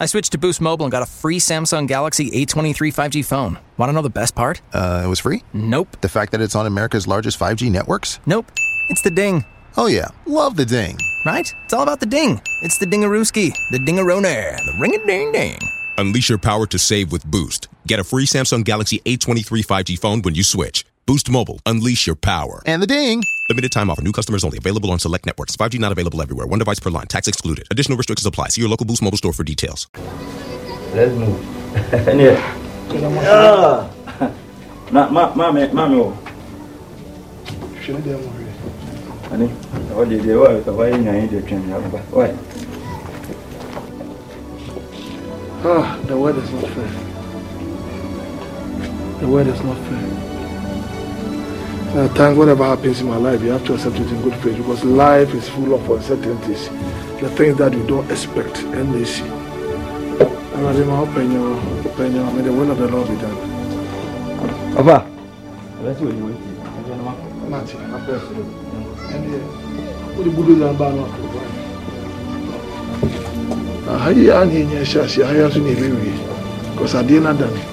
I switched to Boost Mobile and got a free Samsung Galaxy A23 5G phone. Want to know the best part? Uh, it was free? Nope. The fact that it's on America's largest 5G networks? Nope. It's the ding. Oh, yeah. Love the ding. Right? It's all about the ding. It's the dingarooski, the dingaroner, the ring a ding ding. Unleash your power to save with Boost. Get a free Samsung Galaxy A23 5G phone when you switch. Boost Mobile. Unleash your power. And the ding. Limited time offer. New customers only. Available on select networks. 5G not available everywhere. One device per line. Tax excluded. Additional restrictions apply. See your local Boost Mobile store for details. Let's move. yeah. Ma, ma, ma, ma, ma. Oh. Shouldn't be more. Ani, what did you want? Why you need to change your Why? Ah, the weather's not fair. The weather's not fair. Uh, thank whatever happens in my life, you have to accept it in good faith because life is full of uncertainties, the things that you don't expect, and they see. And I think my opinion, opinion, may the will of the Lord be done. Papa, let's wait. I'm perfect. And yeah, uh, what the Buddha uh, and Bano after one. I hear you, I hear you, I hear you, I didn't know that.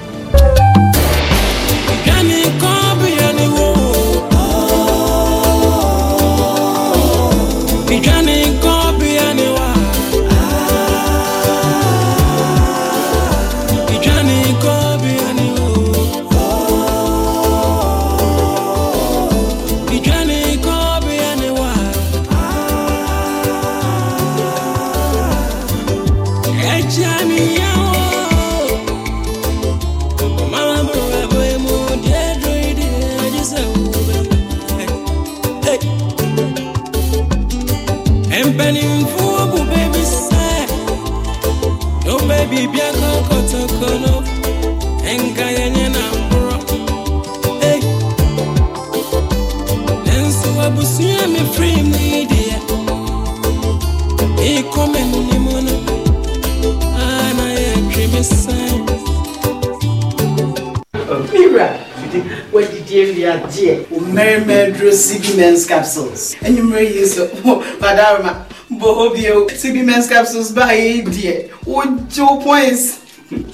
men's capsules. And you may use Madarma, Bohobio, CB men's capsules by dear. Oh, two points.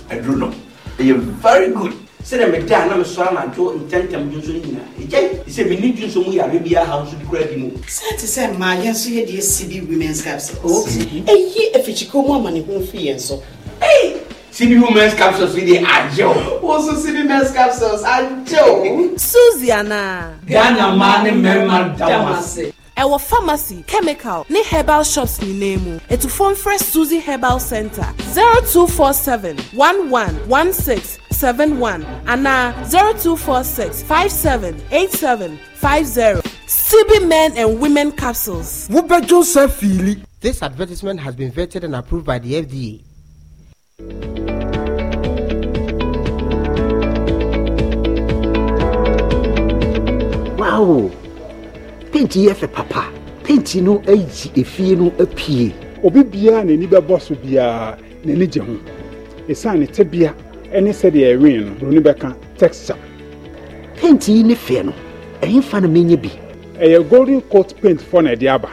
I don't know. You're very good. sɛdɛ mede a na mesoa anadwo ntɛntɛm dwo nso no nyinaa Okay. sɛ menni dwo nso mu yare biaa ha a house kora bi mu sɛ te sɛ mmaa yɛn so yɛdeɛ si bi women's capsules Okay. ɛyi afikyikɔ mu woman, ho fii yɛn so CB Women's Capsules we dey ajo. Wosu CB Men's Capsules ajo. Suziana. Ghana maa ni mẹ́rìnmá dàmásẹ̀. Ẹ̀wọ̀ pharmacy, chemical ni herbal shops nìyẹn mu. Ètùfọ́ ń fresh Suzy Herbal Center zero two four seven one one one six seven one ana zero two four six five seven eight seven five zero. CB Men and Women Capsules. Wúbẹ́jọ́ sẹ́fìlì. This advertisement has been vetted and approved by the FDA. wo penti yɛ fɛ papa penti no ayi efie no apue obi biara n'ani bɛbɔ so biara n'ani gye ho esan ne tebea ne sɛdeɛ ɛwen no broni bɛka texture penti yi ne fɛ no ɛyin fa na menye bi ɛyɛ golden coat paint fɔ na ɛde aba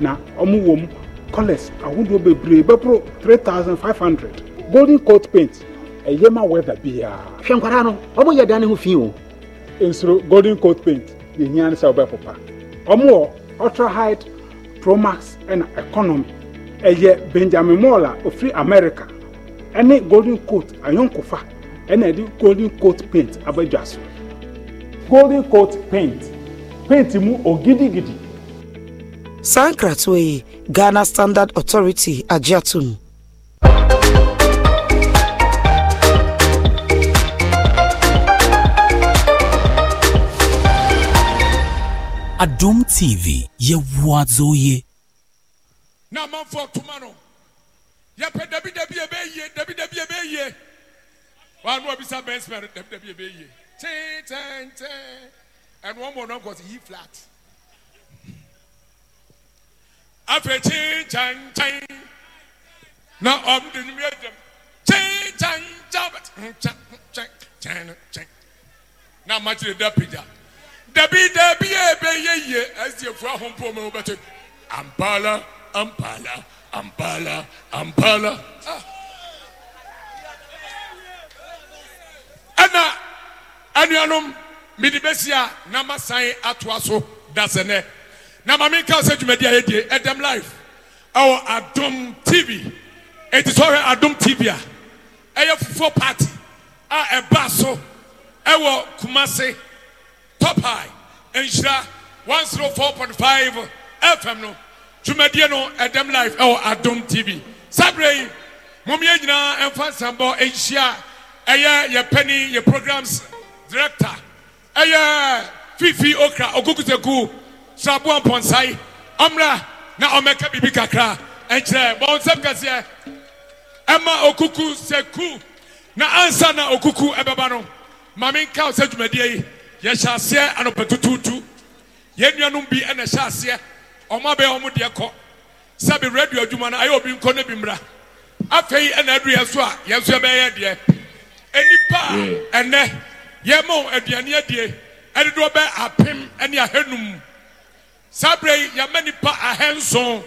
na ɔmo wɔ colours ahodoɔ bebree 3,500. three thousand five hundred golden coat paint ɛyɛ ma weather biara hwɛ no ɔmo yɛ dan fi o nsoro golden coat paint yɛhia ne sɛ wobɛpopa ɔmo wɔ ultrahide promax ɛna economy ɛyɛ benjamin mall a ofiri america ɛne golden coat ayɔnkofa ɛna ɛde golden coat paint abadwa so golden coat paint paint mu ogidigidi saa nkratoa ghana standard authority agye atom adom tv yɛwo adzoye na amanfoɔ toma no yɛpɛ dabidabi ɛbɛyie dabidabi ɛbɛyie wano abisa bɛnsmɛ dabidabi ɛbɛyie tentɛntɛn ɛno ɔmɔ no nkɔ sɛ yi flat afei kyenkyɛnkyɛn na ɔm de nnwumi agyam kyenkyɛnkyɛn kyɛn kyɛn kyɛn na amakyere da pagya dabi daabiɛ bɛyɛ yie asfhopɛ ɛna anuanom menemɛsi a namasane atoa so dasɛnɛ na mamenkaw sɛ adwumadiɛ ayɛdiɛ ɛdɛm life ɛwɔ adom tv ɛti so ayɛ adom tv a ɛyɛ e fufo party a ɛba e so ɛwɔ e komase top high nhyira 104.5 fm no dwumadie no ɛdɛm live ɛwɔ oh, adom tv sabre yi mɔmmiɛ nyinaa ɛmfa nsɛmbɔ ɛnhyia ɛyɛ yɛ pɛni programs director Aya fifi okra okukuteku sabuwa pɔnsae Amra na ɔmɛka biribi kakra ɛnkyerɛ bɔn nsɛm kɛseɛ okuku seku na ansa na okuku Ebabano. no maame nka yɛhyɛ aseɛ anɔpɛtutuutu yɛn nuanom bi ɛna ɛhyɛ aseɛ ɔmo abɛɛ ɔmo deɛ kɔ sɛbi radio adwuma no ayɛ obi nkɔ ne bi mmra afei ɛna adu yɛn so a yɛn so yɛbɛyɛ deɛ enipa a ɛnɛ yɛmo aduane adie ɛdodoɔ bɛ apem ɛne ahenum saa bere yi yɛma nipa ahenson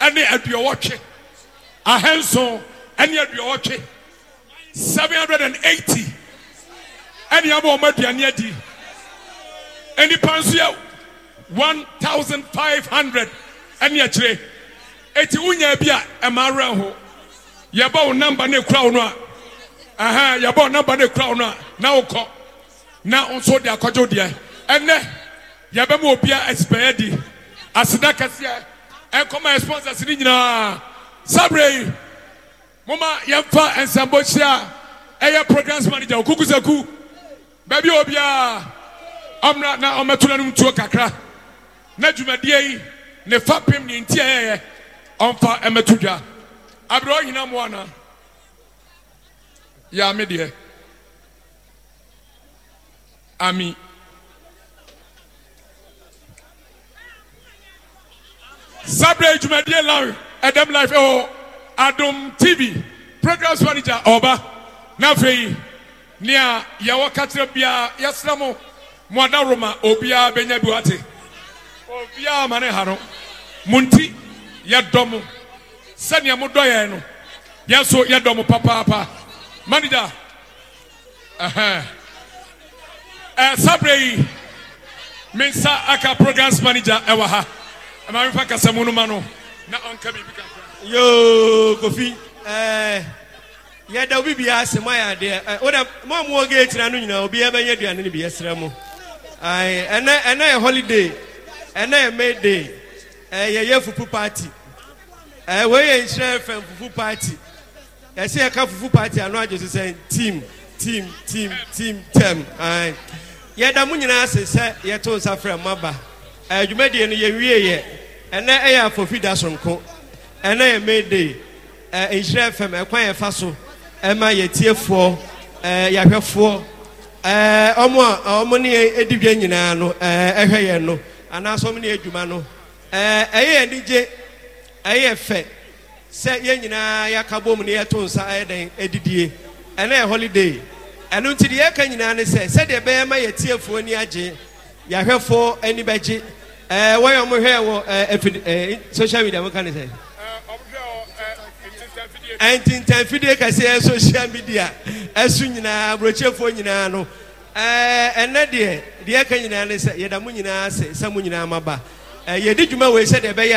ɛne aduɔwɔtwe ahenson ɛne aduɔwɔtwe seven hundred and eighty ɛne yɛma wɔn aduane adie. Any nso one thousand five hundred ɛne akyire eti wunya bi a ɛma awura namba ne kura aha no number namba ne kura wo no a na wokɔ na nso de akɔdze deɛ ɛnɛ yɛbɛ mu obia ɛsibɛyɛ di aseda kɛseɛ ɛkɔma sabre mama moma yɛmfa nsɛmbɔhyia ɛyɛ programs manager okukusaku baby obia. ɔmra na ɔmɛto n'anum tuo kakra na dwumadie yi ne fa pem ne ntia yɛyɛ ɔmfa ɛmɛto dwa abirɛ ɔhina mu ana yaame deɛ ami. sabre dwumadie la ɛdɛm life ɛwɔ e adom tv programs manager ɔba n'afɛ yi nea yɛwɔ kakyira biara yɛsrɛ mo mo roma obiara bɛnya bi wate obiara ma ne ha no mo nti yɛdɔ mo sɛnea modɔ yɛn no yɛn nso yɛdɔ mo papaapa manager ɛhɛn ɛɛ sabre yi me nsa aka programs manager ɛwɔ ha ɛmaa mi fa kasa mu no no na ɔnka biribi ka kora. yoo kofi ɛɛ. Uh yɛda obi biara sɛ moayɛ adeɛ wode ma mowɔ gate na no nyinaa obiara bɛnyɛ aduane no bi yɛsrɛ mo ayi ɛnɛ ɛnɛ yɛ holiday ɛnɛ yɛ may day ɛyɛ eh, yɛ fufu party ɛɛ wɔyɛ nhyɛn fɛn fufu party ɛsɛ eh, yɛ ka fufu party ano agye sisɛ team team team team tɛm ayi yɛda mu nyinaa sɛ sɛ yɛto nsa frɛ mmaba ɛdwumadie eh, no yɛwie yɛ ɛnɛ ɛyɛ afɔfi da sonko ɛnɛ yɛ may day ɛɛ nhyɛn fɛm ɛkwan yɛ fa so ɛma yɛ tiefoɔ ɛɛ yɛahwɛfoɔ. ɛɛ eh, ɔmo a ɔmo ne nyinaa no ɛɛ ɛhwɛ yɛn no anaasɛ ɔmo ne edwuma no ɛɛ ɛyɛ anigye ɛyɛ fɛ sɛ yɛn nyinaa yɛaka bom ne yɛto nsa ɛyɛ dɛn edidie ɛnɛ yɛ holiday yɛka nyinaa ne sɛ sɛdeɛ bɛyɛ ma yɛ ni agye bɛgye ɛɛ wɔyɛ ɔmo hwɛ wɔ ɛɛ efi ɛɛ eh, social media mo ka ne sɛ. ntintanfidie kɛseɛ social media ɛso nyinaa aburokyefoɔ nyinaa no ɛnɛ eh, deɛ deɛ ɛka nyinaa ne sɛ yɛda mu nyinaa ase sɛ mo nyinaa maba eh, yɛdi dwuma wei sɛdeɛ ɛbɛyɛ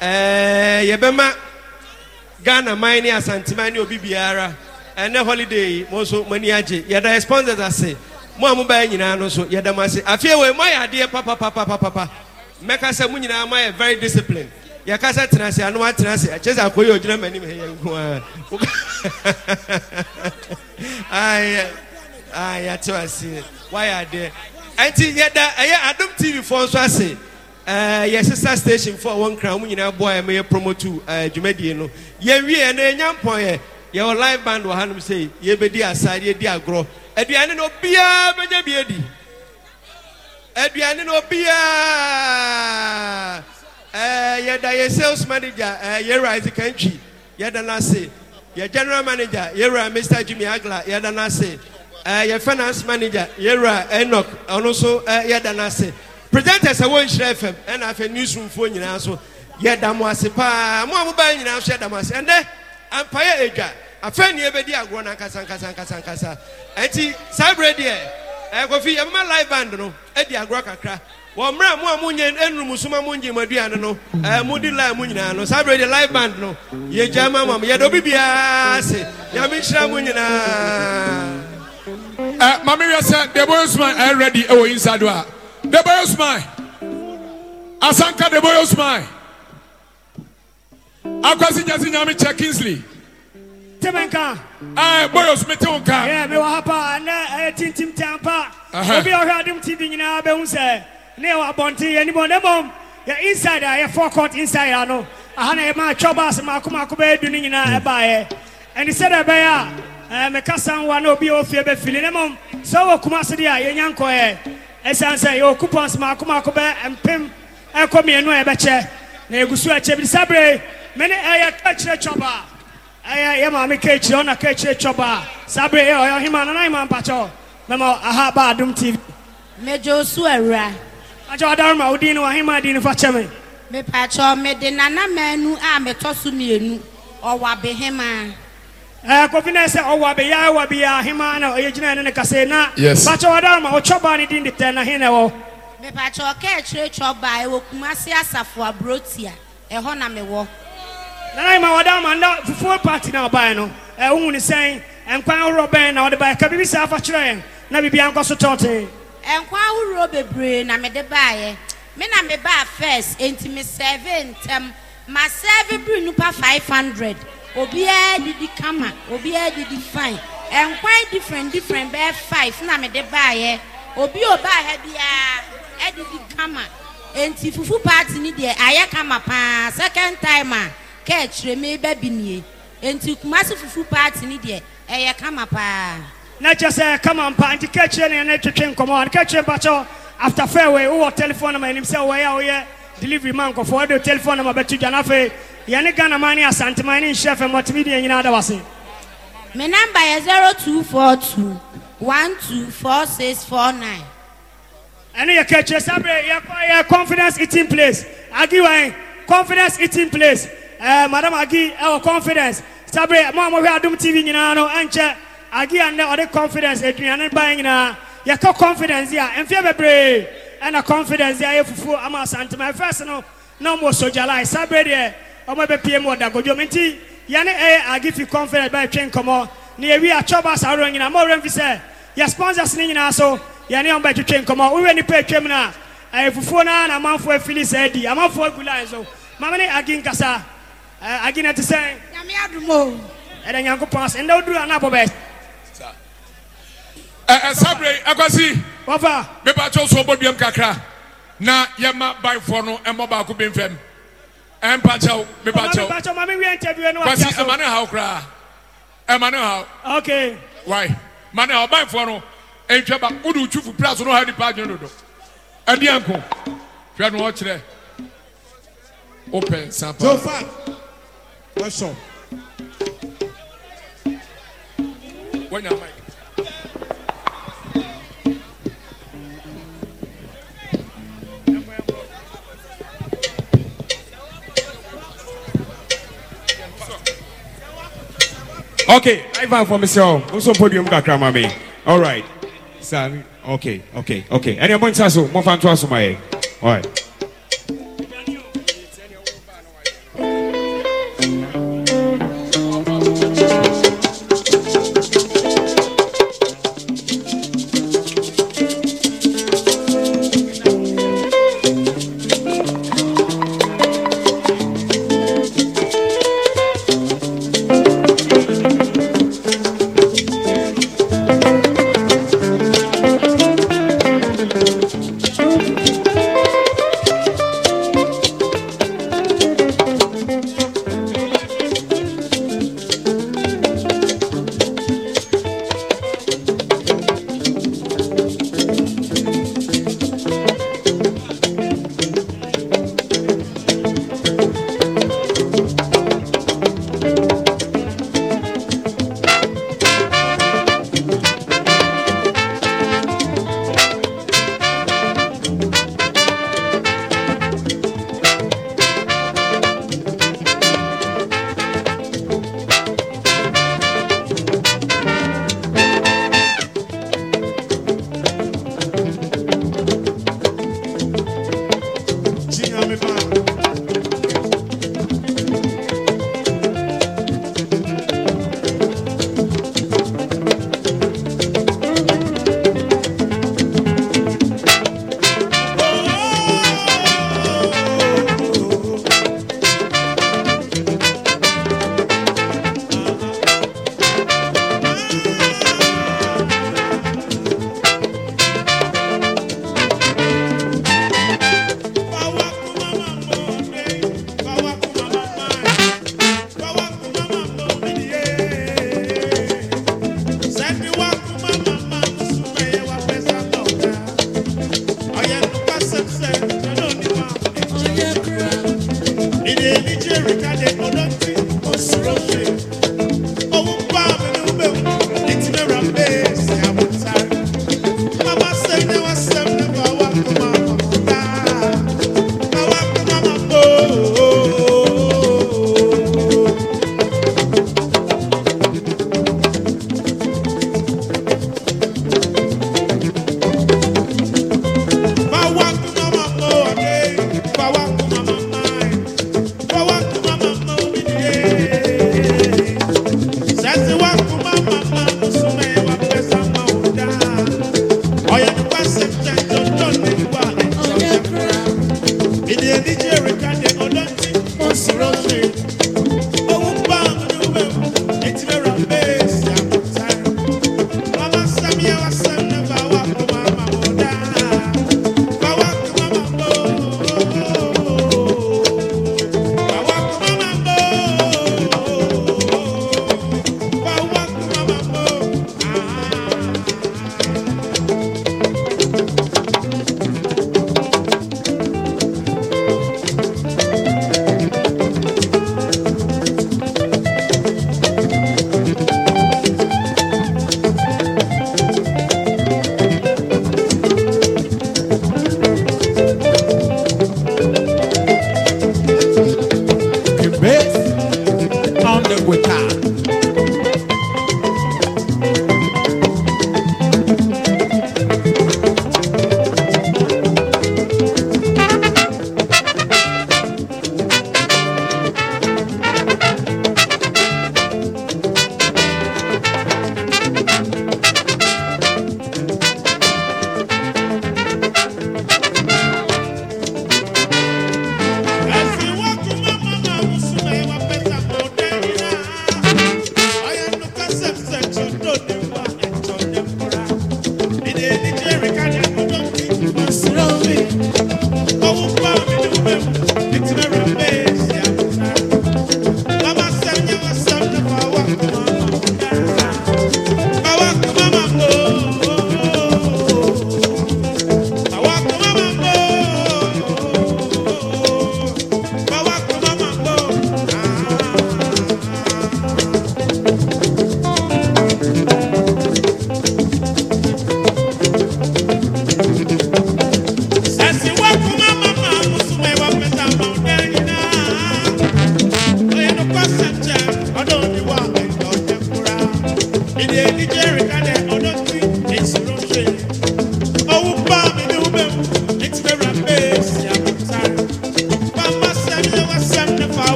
a eh, yɛbɛma ghana man ne asanteman ne obi biara ɛnɛ holiday mo nso mo ani agye yɛda sponsors ase mo a mo bɛyɛ nyinaa no nso yɛda mo ase afei wei mo ayɛ adeɛ papapapapapa mɛka sɛ mo nyinaa mo ayɛ very disciplined yɛ kasa tena ase anum atena ase akyɛ sɛ akɔyɛ ogyina mɛ anim yɛ nko ara ayɛ ayɛ ato ase wayɛ adeɛ ɛnti yɛda ɛyɛ adum tv fɔ nso ase ɛɛ yɛ sisa station fɔ wɔn kran mu nyinaa bɔ ɛmɛ yɛ promotu ɛɛ dwumadie no yɛ wie ɛnɛ mpɔn yɛ yɛ live band wɔ hanom sɛ yɛ asa yɛ agorɔ aduane eh, no obiara bɛnya bi edi eh, aduane no obiara. Eh, yɛda yɛ sales manager eh, yɛwura ezikantwi yɛda n'ase yɛ general manager yɛwura mr jimmy agla yɛda n'ase eh, yɛ finance manager yɛwura enoch ɔno nso yɛda n'ase presenters a wɔnhyerɛ fam ɛna afɛ newsroomfoɔ nyinaa so yɛda mo ase paa Mu a mobaa nyinaa nso yɛda mo ase ɛnɛ ampayɛ edwa afɛn ni ebedi agorɔ na nkasa nkasa nkasa nkasa ɛti saa abere deɛ ɛkɔfi yɛmma live band no ɛdi agorɔ kakra wɔ mmerɛ mu a monyɛ ɛnum soma mu ngyemaduane no ɛɛ modi line mu nyinaa no saa berɛ de live band no yɛgya ma ma m yɛdɔ bi biara se nyame nhyira mu nyinaa ɛ mame wiɛ sɛ deboyo suman ɛyɛ ready ɛwɔ inside a deboyo suman asanka deboyo suman akwasi nyasi nyame kyɛ kingsley tẹmẹ nka. ẹ bóyá oṣù mi tí o nka. ẹ mi wà ha pa ẹ ẹ tintim tẹ pa. obi ọhẹ adimu tv nyinaa bẹ n sẹ. ne wa abɔnten yɛ nimɔ ne bɔn yɛ inside uh, a forecourt inside I know. I yɛ a man baasi mako mako bɛyɛ du ne nyinaa ɛbaayɛ ɛni sɛdeɛ ɛbɛyɛ a ɛɛ mɛka san wa na obi a ofie bɛ fili ne mɔm sɛ wɔ kumase deɛ a yɛ eh. nkɔ yɛ ɛsan sɛ yɛ okupɔns mako mako bɛ mpem ɛkɔ mmienu a yɛbɛkyɛ na egu so ɛkyɛ bi sabere mɛ ne ɛyɛ eh, kɛkyerɛ twɔba ɛyɛ eh, yɛ maame kɛkyerɛ ɔna kɛkyerɛ twɔba sabere yɛ ɔyɛ ɔhema nana ma mpakyɛw eh, oh, mɛma aha ba adum tv. mɛjọ osu ɛwura. ma Pacho Adarma, Udin, Wahima, Din, Fatchame. Me Pacho, me de Nana Menu, ah, me Tosumienu, or Wabehema. Eh, Kofi na sɛ ɔwɔ abɛya wɔ ya ahịma na ɔyɛ gyina ne kasa na Yes. pakyɛ ɔdarama ɔtwɔba ne din dị tɛn na ahịa na ɛwɔ. mepakyɛ ɔka akyire twɔba ɛwɔ kumase asafo aburotia ɛhɔ na mewɔ. nana yi ma ɔdarama nda fufuo paati na ɔbaeɛ e no ɛhunu eh, ne sɛn "Nkwa ahorow bɛn na ɔde baeɛ ka bibi saa afa kyerɛ yɛn na bibi ankɔ so tɔɔtee. nkwa ahorow bebree na mede baeɛ me na me baa first nti me sɛve ntɛm ma sɛve biri nipa five hundred obiara didi kama obiara didi fine nkwan different different bɛɛ five na mede baeɛ obi a ɔbaa ha biara didi kama nti fufu paati ni deɛ ayɛ kama paa second time a kɛɛkyerɛ mi bɛ bi nie nti kumasi fufu paati ni deɛ ɛyɛ kama paa na kyɛ sɛ kama mpa nti ka kyerɛ ne ne twetwe nkɔmmɔ ka kyerɛ mpa kyɛ after fairway wowɔ telephone number anim sɛ wɔyɛ a woyɛ delivery ma nkɔfoɔ wode telephone number bɛto dwa no afei yɛne ghana ma ne asantema ne nhyɛ fɛ mɔtemideɛ nyinaa da wase me number yɛ 0242 124649 ɛno yɛka kyerɛ sɛ berɛ yɛ confidence eating place agi wan confidence eating place eh, madam agi ɛwɔ confidence sabre mo a mohwɛ adom tv nyinaa no ɛnkyɛ agi anɛ ɔde confidence aduane ban nyinaa yɛtɔ confidence a mfeɛ bebree ɛna confidence a yɛ fufuo ama asantema ɛfɛs no na ɔmo sogyalae saa bere deɛ ɔmo bɛpie mu ɔda godwom nti yɛne ɛyɛ agi fi confidence ba yɛtwe nkɔmɔ na yɛwi atwɔba asaaro nyinaa mo wura mfi sɛ yɛ sponsors ne nyinaa so yɛne ɔmo bɛtwetwe nkɔmɔ wowɛ nipa atwam no a ɛyɛ fufuo no a na amanfoɔ afili saa di amanfoɔ agu line so maame ne agi nkasa eh, agi na te sɛ nyame adomo ɛdɛ nyankopɔn ase ndɛ woduru anabɔ bɛɛ ẹ eh, eh, sábẹ akwasi. wafa. bíbá tí o sọ bó duam kakra na yẹ ma báyìífọ no ẹ eh, mọ baako bí n fẹ mu ẹ n pàkyẹw bíbá kyẹw. ọmọ mi pàkyẹw maami wiye ntẹbi wẹ ni wa kíá so. kwasi ẹ ma ne ha okura ẹ ma ne ha. ok. wáyé ma ne ha ọbáyìífọ no ẹ n twẹ ba o de o tufu pira so n'o ha nipa adwene dodo ẹ di ẹ nko twẹ no ọkyerẹ o pẹ nsa pa. jofa wẹsọ. wọnyà mike. Okay, Ivan for myself. Also podium kakra mami. All right. Sorry. Okay, okay, okay. Any appointment so, mo fan to aso my. All right.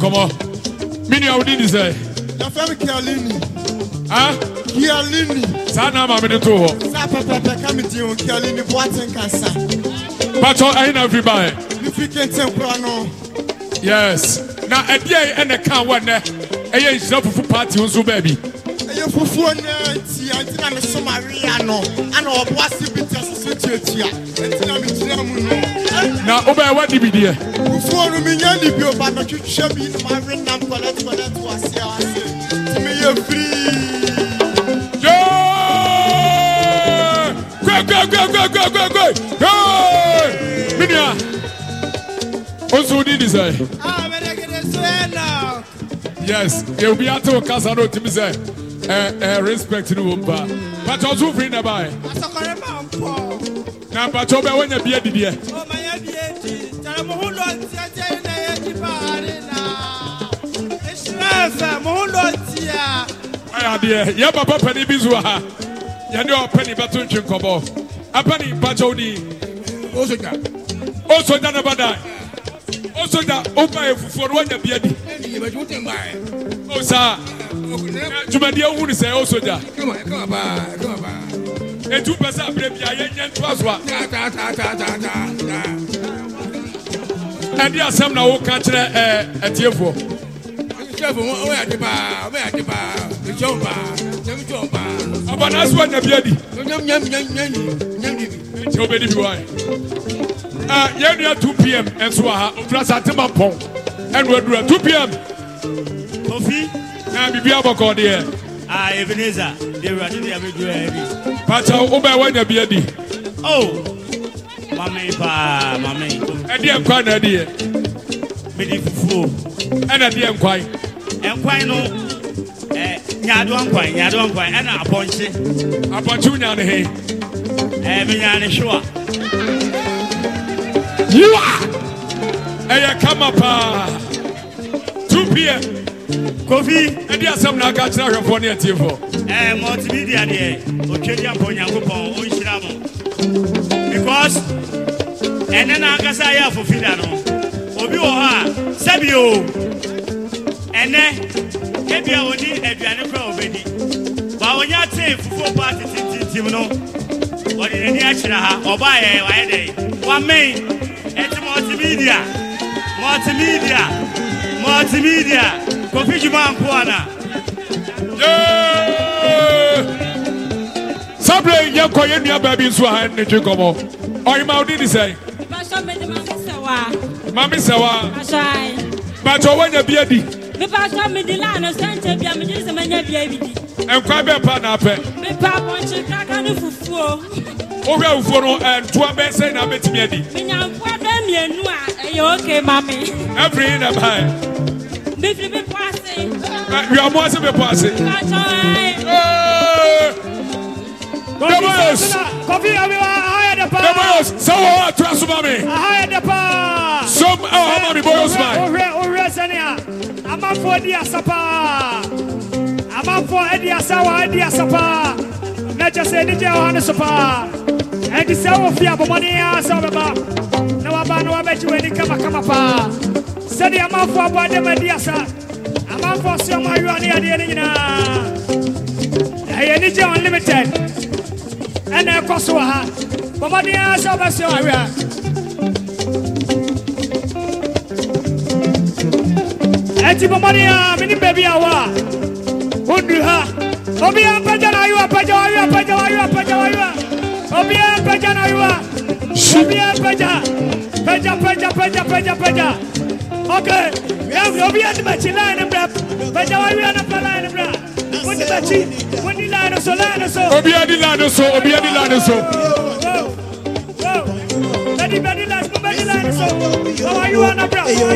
nkɔmɔ mini a wodi ni sɛ. yɛfɛ mi kialini. a. kialini. saa naa maame de to hɔ. saa pɛpɛpɛ kami di o kialini buwate nkasa. patɔ ɛyin na fi ba yɛ. mi fi kente kura no. yes na ɛdi yɛ ɛna kan wɔ nɛ ɛyɛ nsira fufu paati nso baabi. ɛyɛ fufuo nɛ ti ɛnti na mi soma wia no ɛna ɔbuwase bi tɛ soso tiatia ɛnti na mi gyina mu no. na wobɛyɛ wadi bi deɛ fóònù mi yẹn níbi ò bá nà twitwi mi ni màá rí nam kọlẹ́tì kọlẹ́tì wá sí àwọn àṣẹ mi yẹ firi. Gbẹgbẹgbẹgbẹgbẹgbẹ gbẹẹ minia o nso ni di sẹ. A bẹ̀rẹ̀ kìdí sọ ẹ̀ náà. Yes, ebi ati o kasa n'o ti mi sẹ ẹ ẹ respect ni wo n ba. Pàtó ọ̀tún fún yín nà báyìí. Asọ̀kọ̀rẹ́ máa ń pọ̀. Nà pàtó bẹ́ẹ̀ wọ́n yẹ bí ẹ dìde yẹ. adeɛ yɛ papa panin bi zu ha yɛne ɔpɛni bɛto ntwi nkɔbɔ apɛni mpakyɛw ni osoja ne ba dan osoja yɛ fufuo no wanya bia di osaa dwumadie ohun sɛ osoja etu pɛ sɛ abirɛ bia yɛnyɛ ntoa so a ɛde asɛm na woka kyerɛ ɛɛ ɛtiefoɔ ɛtiefoɔ wɔyɛ ade paa wɔyɛ ade paa aba na asuwa nyabi adi nti o bɛ di bi wa ye ɛ yɛn nua two pm ɛnso wa ha ofurasa ti ma pɔn ɛnu adura two pm. ofi. na bibi abɔkɔ deɛ. a ebeneza dewu ati de abe dura ebi. pata o bɛ wa nyabi adi. o oh, mami paa mami. ɛdi ɛnkwa na ɛdi yɛ. midi fufuo. ɛna ɛdi ɛnkwa yi. ɛnkwa yi no nyadoɔ nkwan nyadoɔ nkwan ɛna apɔnkye apɔnkye wonya ne he ɛɛ menya ne hwewa yiwa ɛyɛ kama paa 2 pm kofi ɛde asɛm na aka kyerɛ ahwɛfoɔ ne atiefoɔ ɛɛ multimedia deɛ ɔtwadi ampɔ onyankopɔn ɔnhyira mo because ɛne na ankasa yɛ afofida no obi wɔ hɔ a sɛbio ɛnɛ ebia ɔni aduane ɔnyɛ ate fufuo pa tetetetem no ɔde n'ani akyerɛ ha ɔbaa yɛ wayɛ dɛ wamɛn ɛte multimedia multimedia multimedia kofi dwuma mpo ana. sábẹ̀ yẹn kọ yẹn nua baabi nso ha ẹni tí kọ́mọ ọ̀yìnbá ọdún ni mami sẹ́wà. mami sẹ́wà. bàtọ́ wọ́n yẹ bí ẹ di. bàtọ́ mi di láàánú sẹ́ńtẹ̀ bíi àmì jírísẹ̀ mẹ́nyẹ́ bíi ẹ bi nkwa bɛ pa na apɛ. mipa abɔnkye kaka ne fufuo. wohwɛ fufuo no ntoa bɛɛ sɛ na bɛtumi adi. minyankoa bɛ mmienu a ɛyɛ oke ma ɛfiri yi na baɛ. mifiri bi pɔ ase. wiamu ase bi pɔ ase. Demoyes! Kofi Abiwa, ahaya de pa! Demoyes, sawo wa tura suma mi. Ahaya de pa! Som ɛwɔ hɔ ma mi bɔ yɔ suma yi. Ohwɛ ohwɛ sɛnea, amafo di asapa amanfoɔ ɛdi asa wɔ ɛdi asa paa na kyɛ sɛ anigye wɔ ha no so paa ɛnti sɛ wofi abɔmmɔden a sɛ wobɛba na waba na wabɛgye w'ani kamakama paa sɛdeɛ amanfoɔ aboa dɛm adi asa amanfoɔ so ɔmo ayoa ne adeɛ no nyinaa ɛyɛ anigye unlimited ɛna ɛkɔ so wɔ ha bɔmmɔden a sɛ wobɛsɛ ayoa ɛti bɔmmɔden a mene baabi a Undu ha. Obia na yua paja wa yua paja wa yua paja wa yua. Obia paja na yua. Obia paja. Paja paja paja paja paja. Okay. Yeah, obia ni machi line bra, Paja wa yua na pala line mbra. Wodi machi. la line so line so. Obia di line so. Obia di line so. Bedi bedi line so. Bedi line so. How are na on a bra? How yua,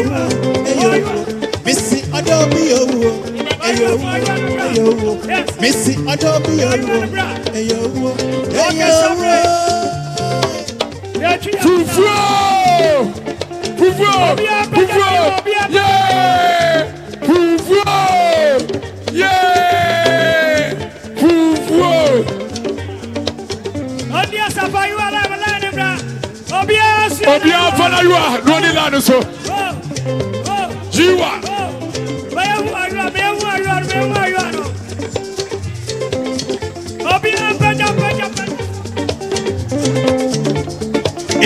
you? yua, I adobi be a woman ẹyọ owó ẹyọ owó mísì ọdọ bí ọlọ ẹyọ owó ẹyọ owó. fufu fufu fufu yee fufu yee fufu. ọdí ọ̀sán fayúwa lẹ́mọ̀lẹ́ni bra obi ẹ̀ ọ́ sí. obi ẹ̀ fọlá yóò wá lónìí lánàá so.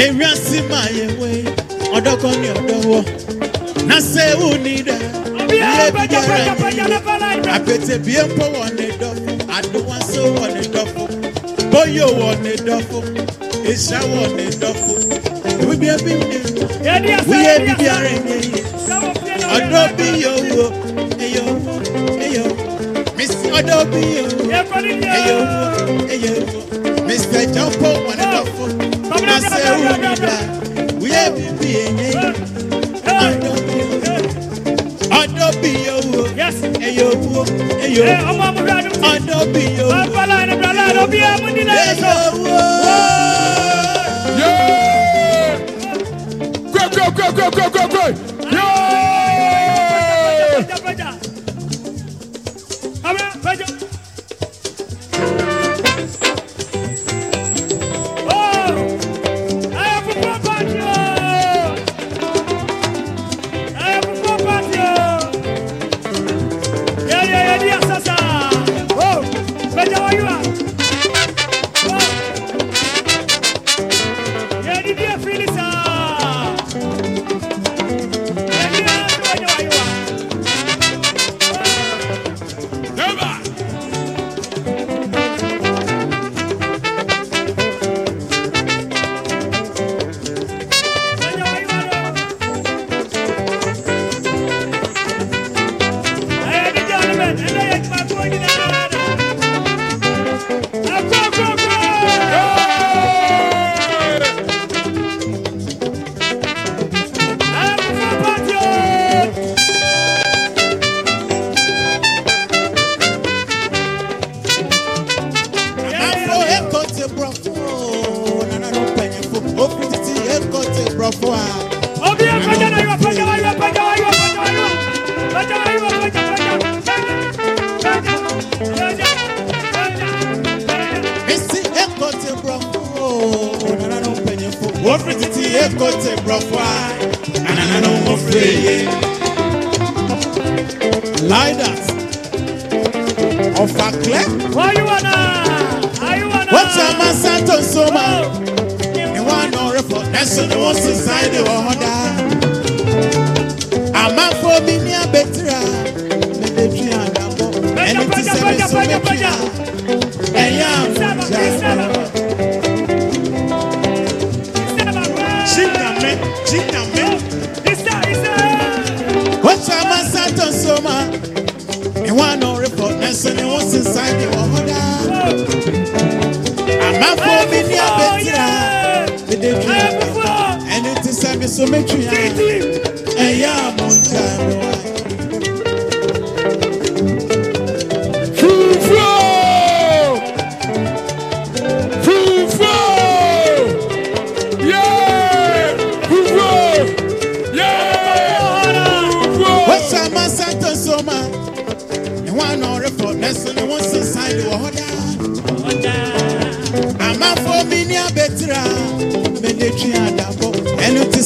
ewiase ma yewe ọdọkọ ni ọdọwọ na se ewu ni dẹ ilé biara ni apètè bíi mpọ wọ ne dọfọ aduwanso wọ ne dọfọ bóyá wọ ne dọfọ ìṣá wọ ne dọfọ wíbi ebi mi wíyé ebi biara ni eyi ọdọ bi yowo eyo eyo Mr. ọdọ bi yowo eyo eyo mr jọpọ wọ ne ase wumi da wuye bibi enye ọdọ bi ọdọ bi yowo eyowo eyowo ọdọ bi yowo eyowo. Go, go, go, go, go, go!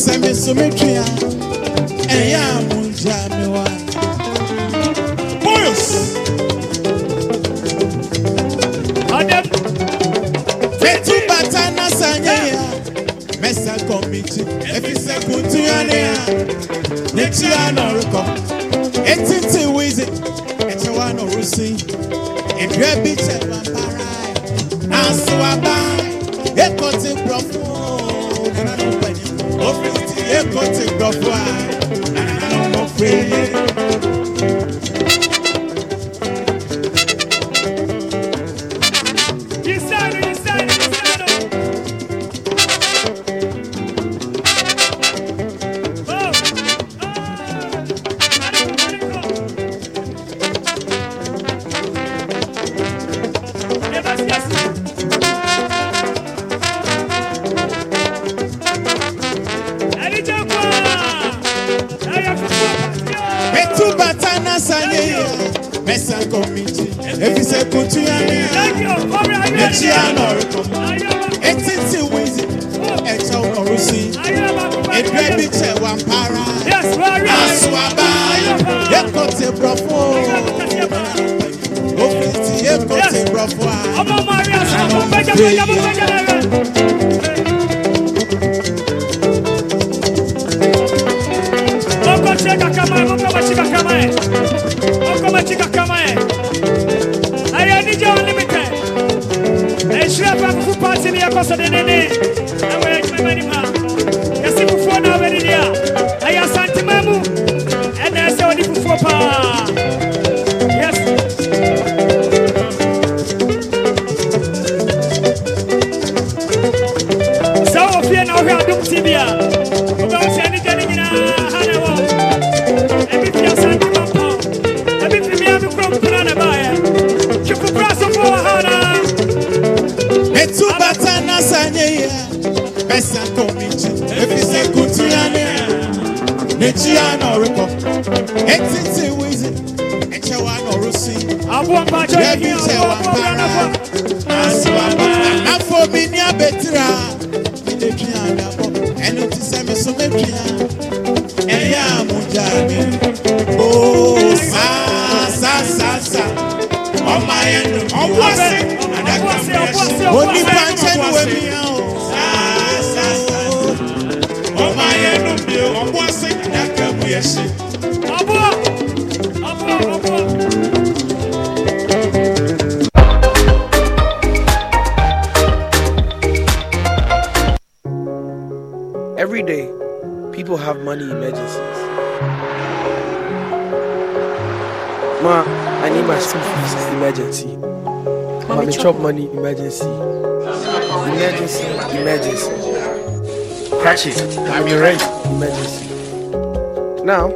sɛ mesometua ɛyɛ a mogya mewa boys fɛtu bata na sa nyɛ a mɛsa kɔmikyi ɛfi sɛ kuntua ne a ne kyia na ɔrekɔ ɛtete wize ɛkyɛwa na ɔresi ɛdua bi kyɛ wampara nanso waba ɛkɔte borɔfo ɔkana no pɛ èkó ti gbọ̀ fún wa àrùn mo fi yé.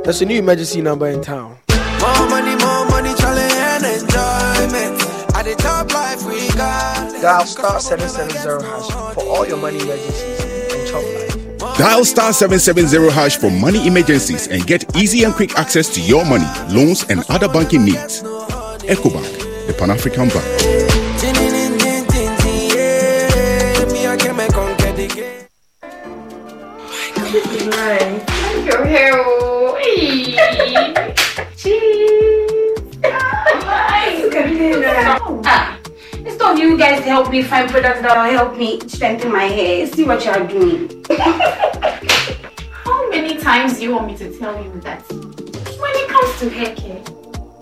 That's a new emergency number in town. More money, more money, challenge enjoyment. At the top life we got. Dial star 770 hash for all your money emergencies and chop life. Dial star 770 hash for money emergencies and get easy and quick access to your money, loans, and other banking needs. EcoBank, the Pan African Bank. Right. Thank you. Hey. Cheese! Cheese! ah, it's not you guys to help me find products that will help me strengthen my hair. See what you are doing. How many times do you want me to tell you that? When it comes to hair care,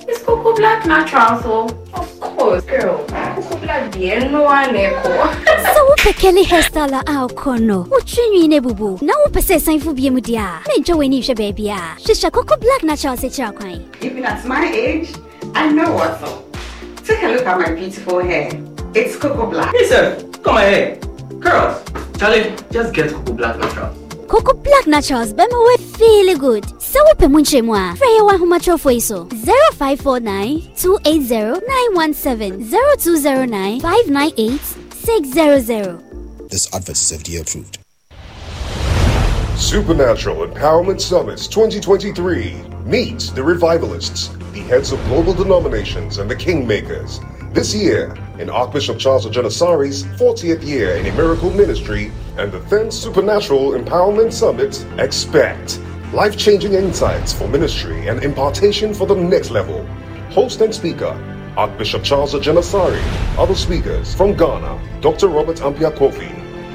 it's cocoa Black natural, so of course, girl. Coco Black bien no one echo. So what Kelly hairstyle a okono? Uchinyu ine bubu. Na wo pese san fu bie mu dia. Me jo we ni hwe baby a. Ah. Shisha Coco Black natural se chira kwan. Even at my age, I know what's up. Take a look at my beautiful hair. It's Coco Black. Listen, come here. Girls, Charlie, just get Coco Black natural. Coco Black Naturals, but my way feel good. Seupe Freya huma 0549-280-917 0209-598-600. This advert is FDA approved. Supernatural Empowerment Summits 2023 meets the revivalists, the heads of global denominations, and the kingmakers. This year, in Archbishop Charles Ogenesari's 40th year in a miracle ministry and the 10th Supernatural Empowerment Summit, expect life changing insights for ministry and impartation for the next level. Host and speaker, Archbishop Charles Ajenasari. Other speakers from Ghana, Dr. Robert Ampia Kofi,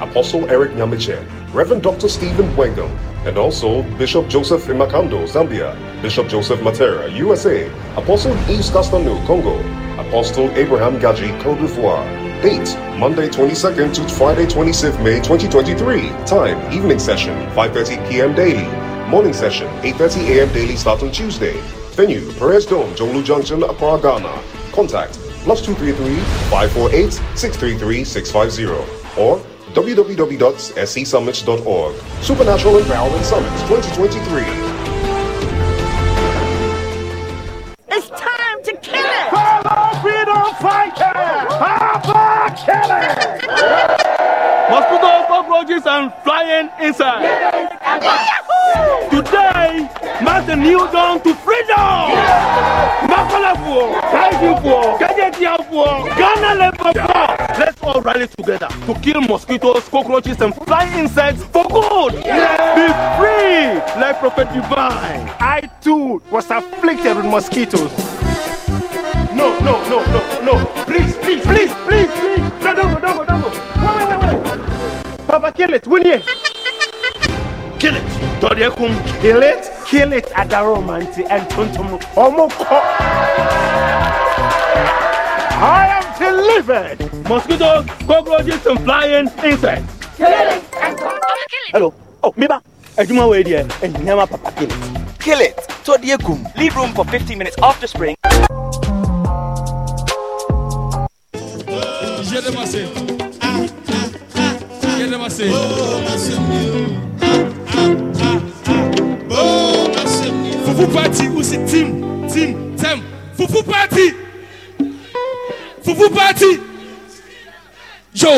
Apostle Eric Nyamiche, Reverend Dr. Stephen Wengam, and also Bishop Joseph Imakando, Zambia, Bishop Joseph Matera, USA, Apostle Yves Castano, Congo, Apostle Abraham Gaji, Cote d'Ivoire. Date Monday 22nd to Friday 26th May 2023. Time evening session 5:30 p.m. daily. Morning session, 8.30 a.m. daily start on Tuesday. Venue, Perez Dome, Jolu Junction, Accra, Ghana. Contact plus 233-548-633-650 or www.scsummits.org. Supernatural Empowerment Summit 2023. It's time to kill it! Follow freedom fighter! Papa Kelly! Mosquitoes, cockroaches, and flying insects! new dawn to freedom. Makala for, Kaiji for, Kajetia for, Ghana Labour for. Let's all rally together to kill mosquitoes, cockroaches, and flying insects for good. Yeah. Be free, like Prophet Divine. I too was afflicted with mosquitoes. No, no, no, no, no. Please, please, please, please, please. No, don't go, don't Wait, wait, wait, wait. Papa, kill it. Win here. Kill it. Dodekun, kill it. kill it at the adaromanti and tuntum omoko. Oh, oh. I am delivered. Mosquitoes, cockroaches, and flying insects. Kill it and kill it. Hello. Oh, Miba. Ejuma we there and nyama papa kill it. Kill it. To die egum. Leave room for 15 minutes after spring. Je le Ah, ah, ah, ah. Je le masse. Oh, fufu party wosi team, team, team. fufu party fufu party yo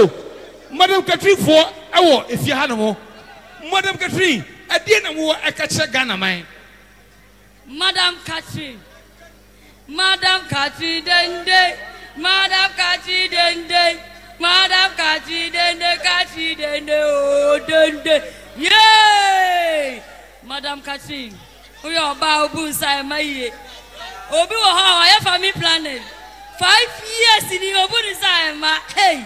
madam katrin foɔ ɛwɔ efie ha nom madam katrin ɛdeɛ na mo ɛka kyerɛ ghana man. madam katrin madam katrin dende madam katrin dende madam katrin dende katrin dende o oh, dende yeee madam katrin woyɛ ɔbaa obu nsa ɛma yie obi wɔ hɔ a family planning five years ni obu ne nsa ɛma hey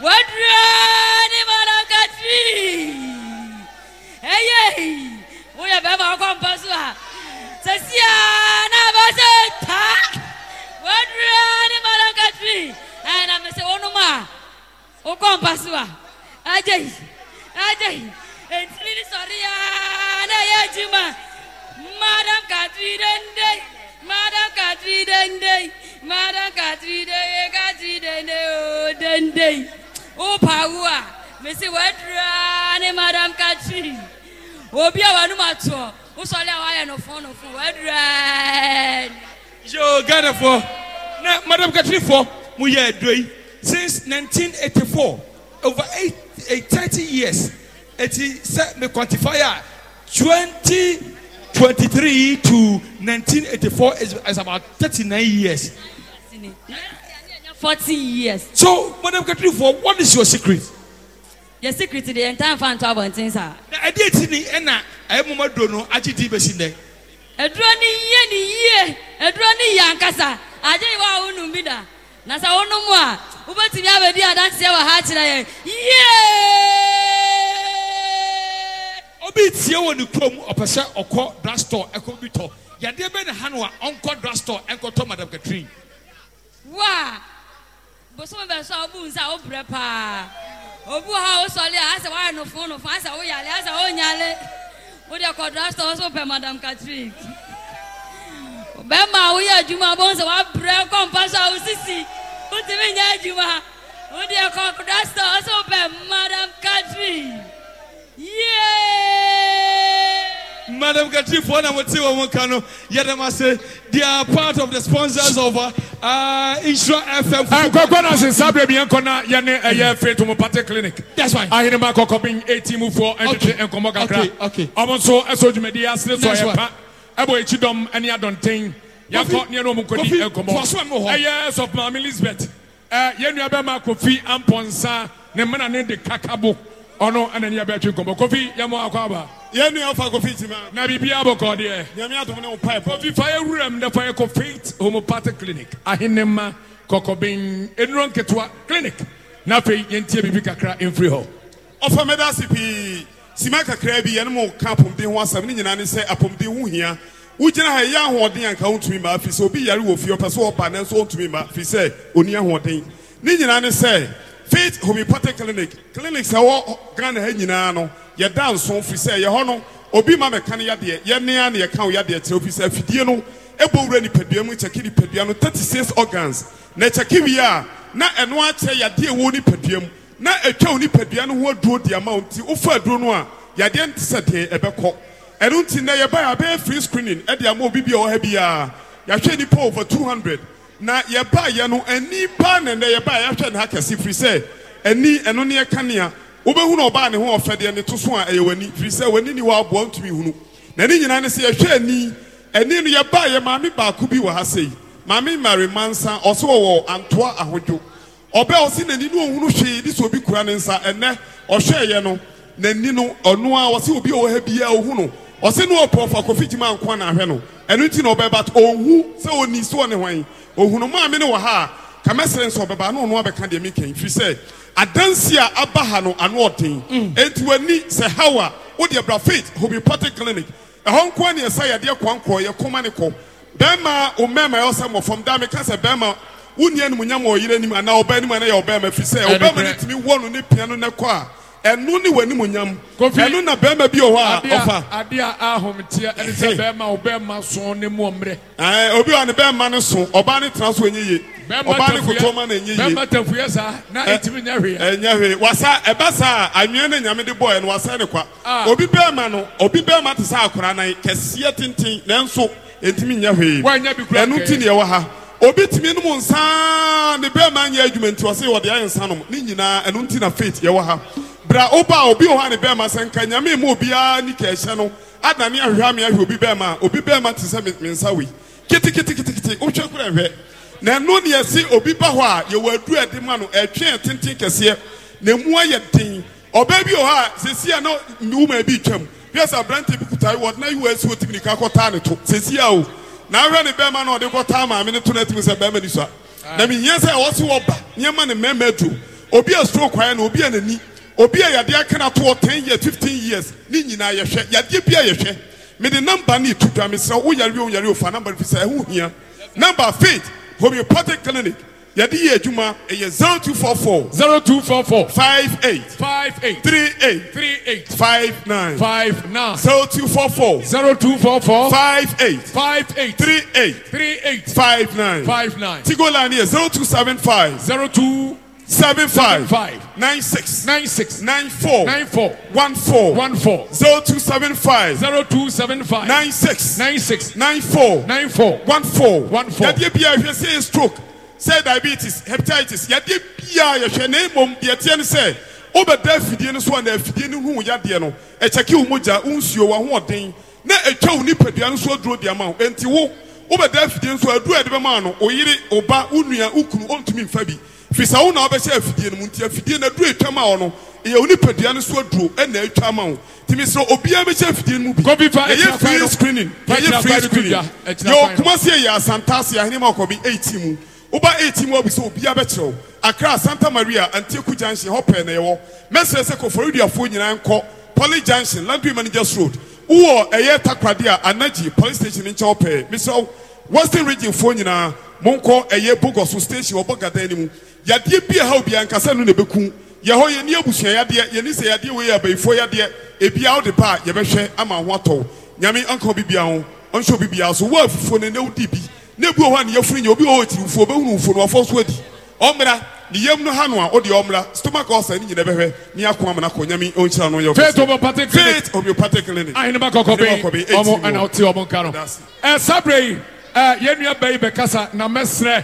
wadura ne malaka three ɛyɛ woyɛ bɛrima ɔkɔ mpa so a sɛsia na abɛsɛ taa wadura ne malaka three ɛna mɛsɛ wɔnom a ɔkɔ mpa so a agye yi agye yi ntiri ne sɔre yaa na ɛyɛ adwuma. Madam Katri dende, Madam Katri dende, Madam Katri dende, dende, oh dende. Oh power, Messi Wedra ne Madam Katri. oh a wanu mato, o sọle a wayɛ no fɔn no fun Wedra. Yo Ghana fo, na Madam Katri for, mo yɛ ɛdɔ yi since 1984 over eight, eight eh, 30 years. Eti sɛ mi quantify a twenty. 23 to 1984 is, is about 39 years. 40 years. So, Madam Catherine, for what is your secret? Your secret the entire fan to have about things are. I did see Anna, I am a dono, I did be seen there. E ni drone yen ye, a drone yankasa, I did wow numida. Nasa onomwa, Uber to be adansi dear dance your heart today. Yeah! obi tie wɔ ne kurom ɔpɛ sɛ ɔkɔ drug store ɛkɔ bi tɔ yadeɛ bɛ ne ha no a ɔnkɔ drug store ɛnkɔtɔ madam katrin wa bosom bɛ sɔ ɔbu nsa ɔbrɛ paa obu ha ɔsɔle a asɛ wayɛ nofo nofo asɛ ɔyale asɛ ɔnyale wode kɔ drug store ɔsɔ pɛ madam katrin bɛrima a woyɛ adwuma bɔ sɛ wabrɛ kɔmpa so a wosisi wotumi nyɛ adwuma wode kɔ drug store ɔsɔ pɛ madam katrin Yeah. Madam Katifo na Moti Wamukano, Yadamase, they are part of the sponsors of uh, uh Insura FM. And Kokona eh, is Sabre Biancona, Yane, eh, a year fit to Mopate Clinic. That's why. Ah, I hear Marco copying 18 move for eh, and Komoka. Okay, okay. I'm also a soldier media, still so I have a chidom and Yadontain. Yako near Nomukoni and Komo. A years of Mammy Elizabeth. Yanabama Kofi and Ponsa, Nemana Nende Kakabo, Ono and Yabatu Komo. Kofi, Yamo Akaba. yẹn nu yà fa ma. na bibi abọ kọ deɛ. nyami atum ne ho pipe. kofi fa yɛ wura mu dafa yɛ kofi homeopathy clinic ahenema kɔkɔbin enuro nketewa clinic n'afɛ yɛn tie bibi kakra nfiri hɔ. ɔfɔ mɛdasi pii sima kakra bi yɛn mu ka apɔmuden ho asɛm ne nyinaa ne sɛ apɔmuden ho hia wogyina ha yɛ ahoɔden anka wontumi ma afiri sɛ obi yare wɔ fie ɔpɛ sɛ ɔba nanso wontumi ma afiri sɛ ahoɔden ne nyinaa sɛ faith homeopathic clinic clinics ɛwɔ ghana ha nyinaa no yɛda nson firi sɛ yɛ hɔ no obi ma mɛka no yadeɛ yɛnea ne yɛka wo yadeɛ kyerɛ ofiri sɛ afidie no ɛbɔ wura nipadua mu kyɛke nipadua no thirty six organs na kyɛke wie a na ɛno akyerɛ yadeɛ wɔ nipadua mu na atwa wo nipadua no ho aduro di ama wo nti wofa aduro no a yadeɛ nte sɛ deɛ ɛbɛkɔ ɛno nti na yɛba yɛ abɛyɛ free screening ɛde ama obi bi a ɔwɔ ha biara yɛahwɛ nipa over two hundred na yɛba yɛ no ani paa na ɛnɛ yɛba yɛahwɛ ne ha kɛse firi sɛ ani ɛno ne ɛka nea wobɛhunu ɔbaa ne ho ɔfɛdeɛ ne to so a ɛyɛ w'ani firi sɛ w'ani ni wɔaboa ntumi hunu na ne nyinaa ne sɛ yɛhwɛ ani ani no yɛba yɛ maame baako bi wɔ ha sɛ yi maame mare mansa ɔsɛ wɔwɔ antoa ahodwo ɔbɛ ɔsi n'ani no ohunu hwee de sɛ obi kura ne nsa ɛnɛ ɔhwɛ yɛ no n'ani no ɔnoa ɔsɛ obi a ɔwɔ ha biara ohunu ɔsi no ɔpɔfo akɔfi gyima nko na ahwɛ no ɛnu ti na ɔbɛba ohu sɛ oni so ɔne hwan ohunu maame ni wɔ ha a kamɛsɛrɛ nso ɔbɛba ano ɔno abɛka deɛ mi kɛn firi sɛ adansi a aba ha no ano ɔten mm. eti wani sɛ hawa wodi abira faith homeopathic clinic ɛhɔ nko ani ɛsɛ yadeɛ kɔnkɔ yɛ kɔma ne kɔ bɛrima omɛɛma yɛ ɔsɛ mɔfɔm daame kasa bɛrima wuni ɛnum nyam ɔyere anim anaa ɔbɛ anim anaa yɛ ɔbɛɛma fi sɛ ɔbɛɛma ne tumi ɛnu ni wɔ animuonyam ɛnu na bɛrima bi wɔ a ɔfa. adeɛ a ahomteɛ ɛne sɛ bɛrima o bɛrima so ne mu ɔmmerɛ. ɛɛ obi wa ne bɛrima ne so ɔbaa ne tena so enyi ye ɔbaa ne kotoma na enyi ye bɛrima tafuya saa na etimi nya hwee. ɛɛ nya wasa ɛba saa anwea ne nyame de bɔ yɛ wasa ne kwa obi bɛrima no obi bɛrima te sɛ akora nan kɛseɛ tenten nanso etimi nya hwee ɛnu ti ne ɛwɔ ha obi tumi no mu nsaa ne bɛrima nyɛ adwuma nti ɔsɛ wɔde ayɛ nsa nom ne nyinaa ɛnu ti na faith yɛ wɔ ha bra woba obi wɔ ni ne bɛrima sɛ nka nyame mu obiara ni kɛhyɛ no adane ahwehwɛ ame ahwɛ obi bɛrima a obi bɛrima te sɛ me nsa wei kitikitikiti wohwɛ korɛ hwɛ na ɛno ne yɛsi obi ba hɔ a yɛwɔ adu ɛde ma no ɛtwe tenten kɛseɛ na emu ayɛ den ɔbaa bi wɔ hɔ a sesi a na nwoma bi twam hwɛ sɛ bi kuta wɔ na yiwɔ esi otimi nika kɔtaa ne to sesi a o na ahwɛ ni bɛrima na ɔde kɔtaa maame ne to na etimi sɛ bɛrima ni so a na mihia sɛ ɔsi wɔ ba nneɛma ne mɛmɛ do obi a stroke kwan na obi a n'ani obi a yadeɛ aka na toɔ ten years fifteen years ne nyinaa yɛhwɛ yadeɛ bi a me de number ni etu dwa mesrɛ wo yare o yare o fa namba fisa ɛho hia number faith homeopathic clinic yɛde yɛ adwuma ɛyɛ zero two four four. zero two four four. five eight. five eight. three eight. three eight. five nine. five nine. zero two four four. zero two four four. five eight. tigo line yɛ zero two seven seven five five nine six nine six nine four nine four one four one four zero two seven five zero two seven five nine six nine six nine four nine four one four one four. yàtí ebi a yẹ sẹ stroke sẹ diabetes hepatitis yàtí ebi a yẹ hwẹ ne mọ yàtí ẹni sẹ ó bẹ dẹ fìdíẹ ni so à na fìdíẹ ni hu yadeẹ no ẹkyẹ kí wọn gya wọn nsuo wọn ahoɔden na etwa wọn nipadua nso aduro di ama wọn nti wọn ó bẹ dẹ fìdíẹ nso aduro ẹdi bẹ maa no oyiri ọba onua okunu ontumi nfa bi fisa wo na wobɛhyɛ afidie no mu nti afidie no aduru atwam a wɔ no ɛyɛ wo nipadua no so aduro ɛna atwa ma wo tìmí sọ obiara bɛ kyɛ fidie mu bi ɛyɛ free screening ɛyɛ free screening yɛ kumasi yɛ asantase ahenema ɔkɔ bi eighteen mu woba eighteen mu ɔbi sɛ obiara bɛ kyerɛw akra santa maria antieku junction hɔ pɛɛ na ɛwɔ mɛsirɛ sɛ kɔfɔriduafoɔ nyinaa nkɔ poly junction landry managers road wowɔ ɛyɛ takoradi a anagye police station nkyɛn hɔ pɛɛ misɛw western region foɔ nyinaa monkɔ ɛyɛ bogɔso station ɔbɔ gadan no mu yadeɛ bi a ha obiara nkasa no na ɛbɛku yɛhɔ yɛni abusua yadeɛ yɛni sɛ yadeɛ wei abayifoɔ yadeɛ ebia ɔde pa a yɛbɛhwɛ ama ho atɔw nyame anka obi bia ho ɔnhyɛ obi bia so wo afufuo no ne wodi bi ne bu hɔ a ne yɛfuru nyɛ obi wɔ hɔ tirifuo obɛhunu nfuo no wɔfɔ so adi ɔmmra ne yam no ha no a ɔde ɔmmra stomach ulcer ne nyina bɛhwɛ ne ako ama no akɔ nyame ɔnhyira no yɛ faith homeopathic clinic ahene bakɔkɔ bɛyi ɔmo ɛna ɔte ɔmo nka no ɛsabere yi ɛ eh, yɛn nua bɛyi bɛ kasa na mɛsrɛ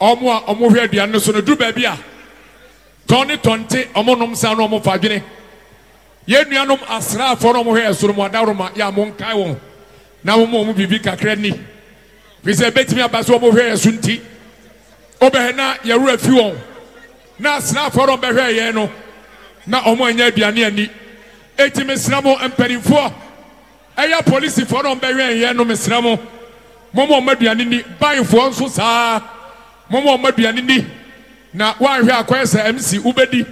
ɔmo a ɔmo hwɛ aduane no so no duru baabi a tɔne tɔnte ɔmo nom san na ɔmo fa adwene yɛn nuanom asraafoɔ na ɔmo hwɛ ɛsoro mu adaroma yɛ a mo nkae wɔn na mo mo ɔmo biribi kakra ni fisɛ ebetumi aba so ɔmo hwɛ ɛso nti ɔbɛhɛ na yɛwura fi wɔn na asraafoɔ na ɔbɛhwɛ yɛn no na ɔmo anya aduane ani etimi sra mo ɛyɛ polisifoɔ na ɔmo bɛhwɛ yɛn no mesra mo mɔmɔ ɔmɔ aduane ni bayifoɔ nso saa mɔmɔ ɔmɔ aduane ni na wahwɛ akɔyɛ sɛ mc wobɛdi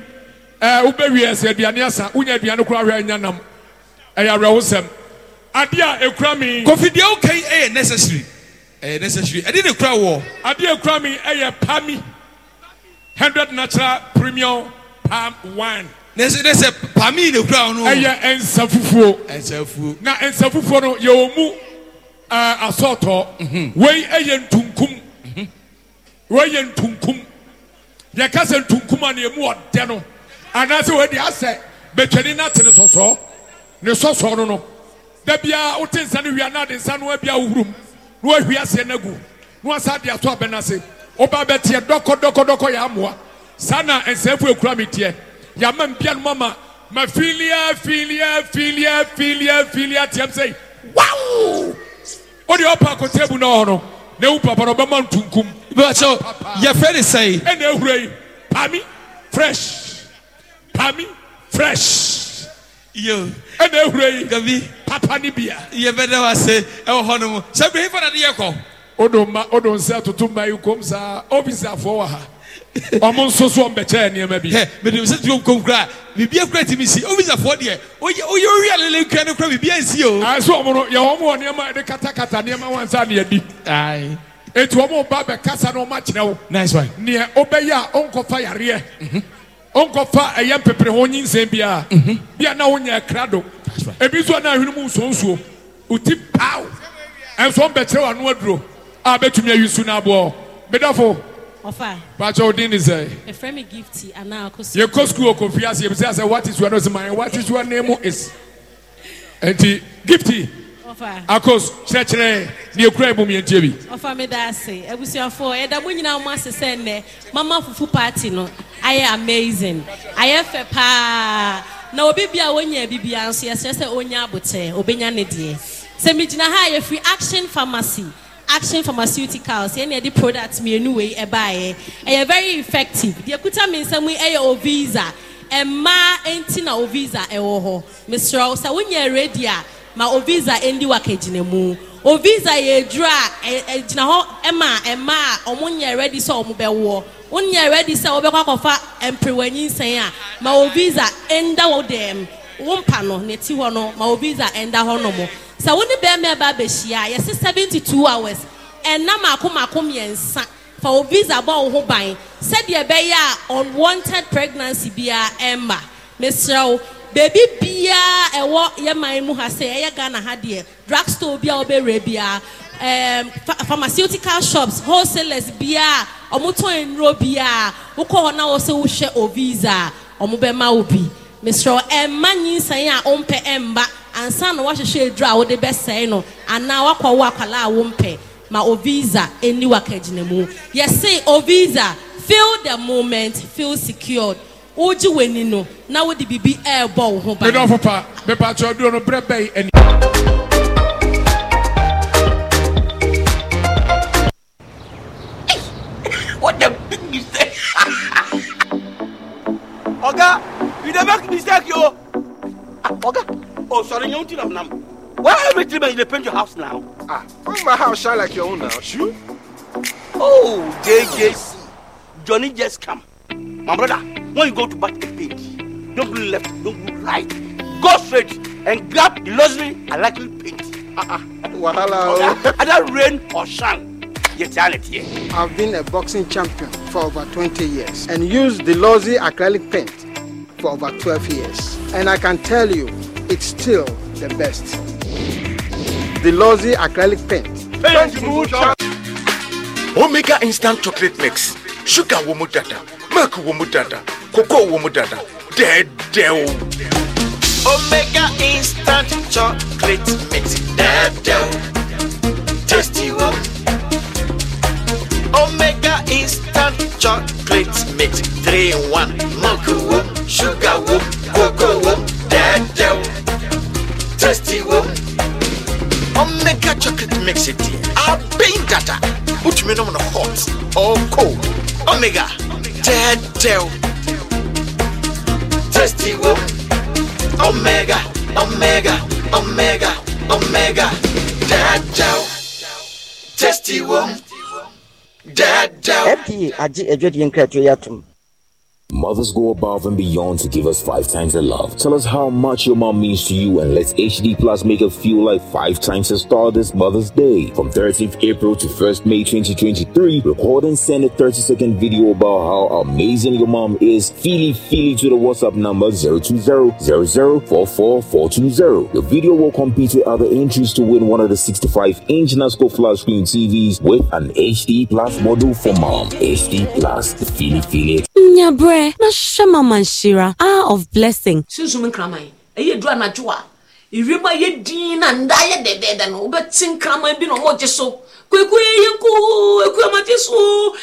ɛɛ wobɛwie sɛ aduane asa wonya aduane koraa ahwɛ anya nam ɛyɛ awerɛhosɛm adeɛ a ekura mi. kɔfidie o ɛyɛ necessary ɛyɛ eh, necessary ɛde ne kura wɔ. adeɛ ekura mi ɛyɛ pami hundred natural premium palm wine. ne nɛsɛ pami ne kura eh, wɔn. ɛyɛ nsa fufuo. nsa fufuo. na nsa fufuo no yɛ wɔn mu asɔɔtɔ wei e yɛ ntunkum wei yɛ ntunkum deɛ kasa ntunkum a na emu ɔdɛ no anaasɛ wei de asɛ betwani n'ate ne sɔsɔ ne sɔsɔ no no dabia wote nsa no wia n'ade nsa no abia ahurum na wahwi aseɛ n'agu na wasa de ato abɛn ase ɔba abɛteɛ dɔkɔ dɔkɔ dɔkɔ yɛ amoa saa na nsɛnfo ekura mi teɛ yamma mpia no mama ma filia filia filia filia filia teɛ sɛ wawu. wodeɛ ɔpɛ kotaabu na ɔhɔno na wu papa no ɔbɛma ntonkum yɛfɛnesɛe ɛnehur yi paf pami fresh ɛne e ɛhur yi papane bia yɛɛɛwsɛ ɛwɔhɔ no mu sɛ brei fanadeyɛkɔ wodosɛ atoto ma yi kom sa ofisafoɔ waha ɔmo nso so ɔmbɛkyɛ nneɛma bi. mede mi sɛ ti o nkɔ nkura bibi ekura ti mi si o visa fɔ deɛ o yɛ o yɛ o yɛ alele nkura ne kura bibi esi o. ayi so ɔmo no yɛ ɔmo wɔ nneɛma de katakata nneɛma wansa ne yɛ di. ayi. etu ɔmo ba bɛ kasa na ɔmo akyerɛ wo. nice one. nea ɔbɛyɛ a ɔnkɔfa yareɛ. ɔnkɔfa mhm. ɛyɛ mpepere ho nyinsɛn bia. Mhm. bia na ɔnyɛ ɛkra do. ebi nso na ahwene mu nsonsuo oti paaw ɛnso ɔmbɛkyerɛ wa no aduro a bɛtumi ayi su n'aboɔ medafo ɔfa. pàtó odin ni sɛ. efra mi gift ana akoso. yɛ kó sukuu okò fi ase ebisa sɛ what is your name my what is your name is nti gifti. ɔfa. akos kyerɛkyerɛ ni ekura ebu mi ntie bi. ɔfa mi da ase ebusuafo ɛda mo nyinaa mo ase sɛ nnɛ mama fufu party no ayɛ amazing ayɛ fɛ paa na obi bia wonya ebi bia nso yɛsɛ sɛ onya abotire obenya ne deɛ sɛ mi gyina ha yɛ fi action pharmacy action pharmaceuticals yɛn na yɛde product mmienu wei ɛbaeɛ ɛyɛ very effective deɛ kuta mi nsɛm yi ɛyɛ oviza mmaa e nti na oviza ɛwɔ hɔ mesrɛ sɛ wonyɛ ready a ma oviza ndi wakagyina mu oviza yɛ aduru a ɛgyina e, e, hɔ ɛma mmaa a wɔn nyɛ ready sɛ wɔn bɛwoɔ wɔn nyɛ ready sɛ wɔbɛkɔ akɔfa mperewanyi nsɛn a ma oviza nda wɔ dɛm wɔn mpa no na ɛti hɔ no ma oviza nda hɔ nom sɛ wo ne bɛrima ɛba abɛhyia a yɛse seventy two hours ɛna mako mako mmiɛnsa fa o visa bɔ wo ho ban sɛdeɛ ɛbɛyɛ a unwanted pregnancy biara ɛmma mesrɛ wo beebi biara ɛwɔ yɛ man mu ha sɛ ɛyɛ ghana ha deɛ drug store biara ɔbɛwura biara um, pharmaceutical shops wholesalers biara ɔmo tɔn nnuro biara wokɔ hɔ na wɔsɛ wohyɛ o visa ɔmo bɛma wo bi mesrɛ ɛmma eh, nyinsɛn a ɔmpɛ ɛmba ansa na wahyehyɛ aduro a wɔde bɛsɛe no anaa wakɔ wɔ akwala a wɔmpɛ ma oviza ɛni wakagyina mu yɛse oviza feel the moment feel secured wogye w'ani no na wode biribi ɛrebɔ wo ho ba medɔfo pa mepatɛ aduro no berɛ bɛyi ani What the big mistake? Oga, You dey mistake, yo. Ah, Oga. Oh, sorry, you don't have Why every three months you dey your house now? Ah, my house shine like your own now. Sure. Oh, JJC. Johnny just come. My brother, when you go to bat a paint, don't look left, don't look right. Go straight and grab the luxury I like paint. Uh-uh. Wahala. Oga, either rain or shine. Eternity. I've been a boxing champion for over 20 years and used the Lozi acrylic paint for over 12 years. And I can tell you, it's still the best. The Lozzy acrylic paint. Omega instant chocolate mix. Sugar wumu milk wumu cocoa wumu dada, dead dew. Omega instant chocolate mix. Dead dew. Tasty one. Omega instant chocolate mix. Three one. Milk whoop, sugar whoop, cocoa whoop, dad Tasty whoop. Omega chocolate mix it. i paint been up. Put me on hot or oh, cold. Omega. Dad Tasty whoop. Omega, Omega, Omega, Omega. Dad Tasty whoop. fda agye adwadeɛ nkratoɔ yɛ atom Mothers go above and beyond to give us five times the love. Tell us how much your mom means to you and let HD Plus make it feel like five times the star this Mother's Day. From 13th April to 1st May 2023, record and send a 30 second video about how amazing your mom is. Feely feely to the WhatsApp number 020 Your video will compete with other entries to win one of the 65 inch NASCO flat screen TVs with an HD Plus model for mom. HD Plus, the feely feely nya berɛ na hyɛ ma manhyira hour of blessing sunsum nkraman ɛyɛ duru anadwo a ewiem ayɛ din na nda ayɛ dɛdɛɛdɛ no wobɛte nkraman bi na ɔmɔ gye so kweku yɛ nko eku amagye so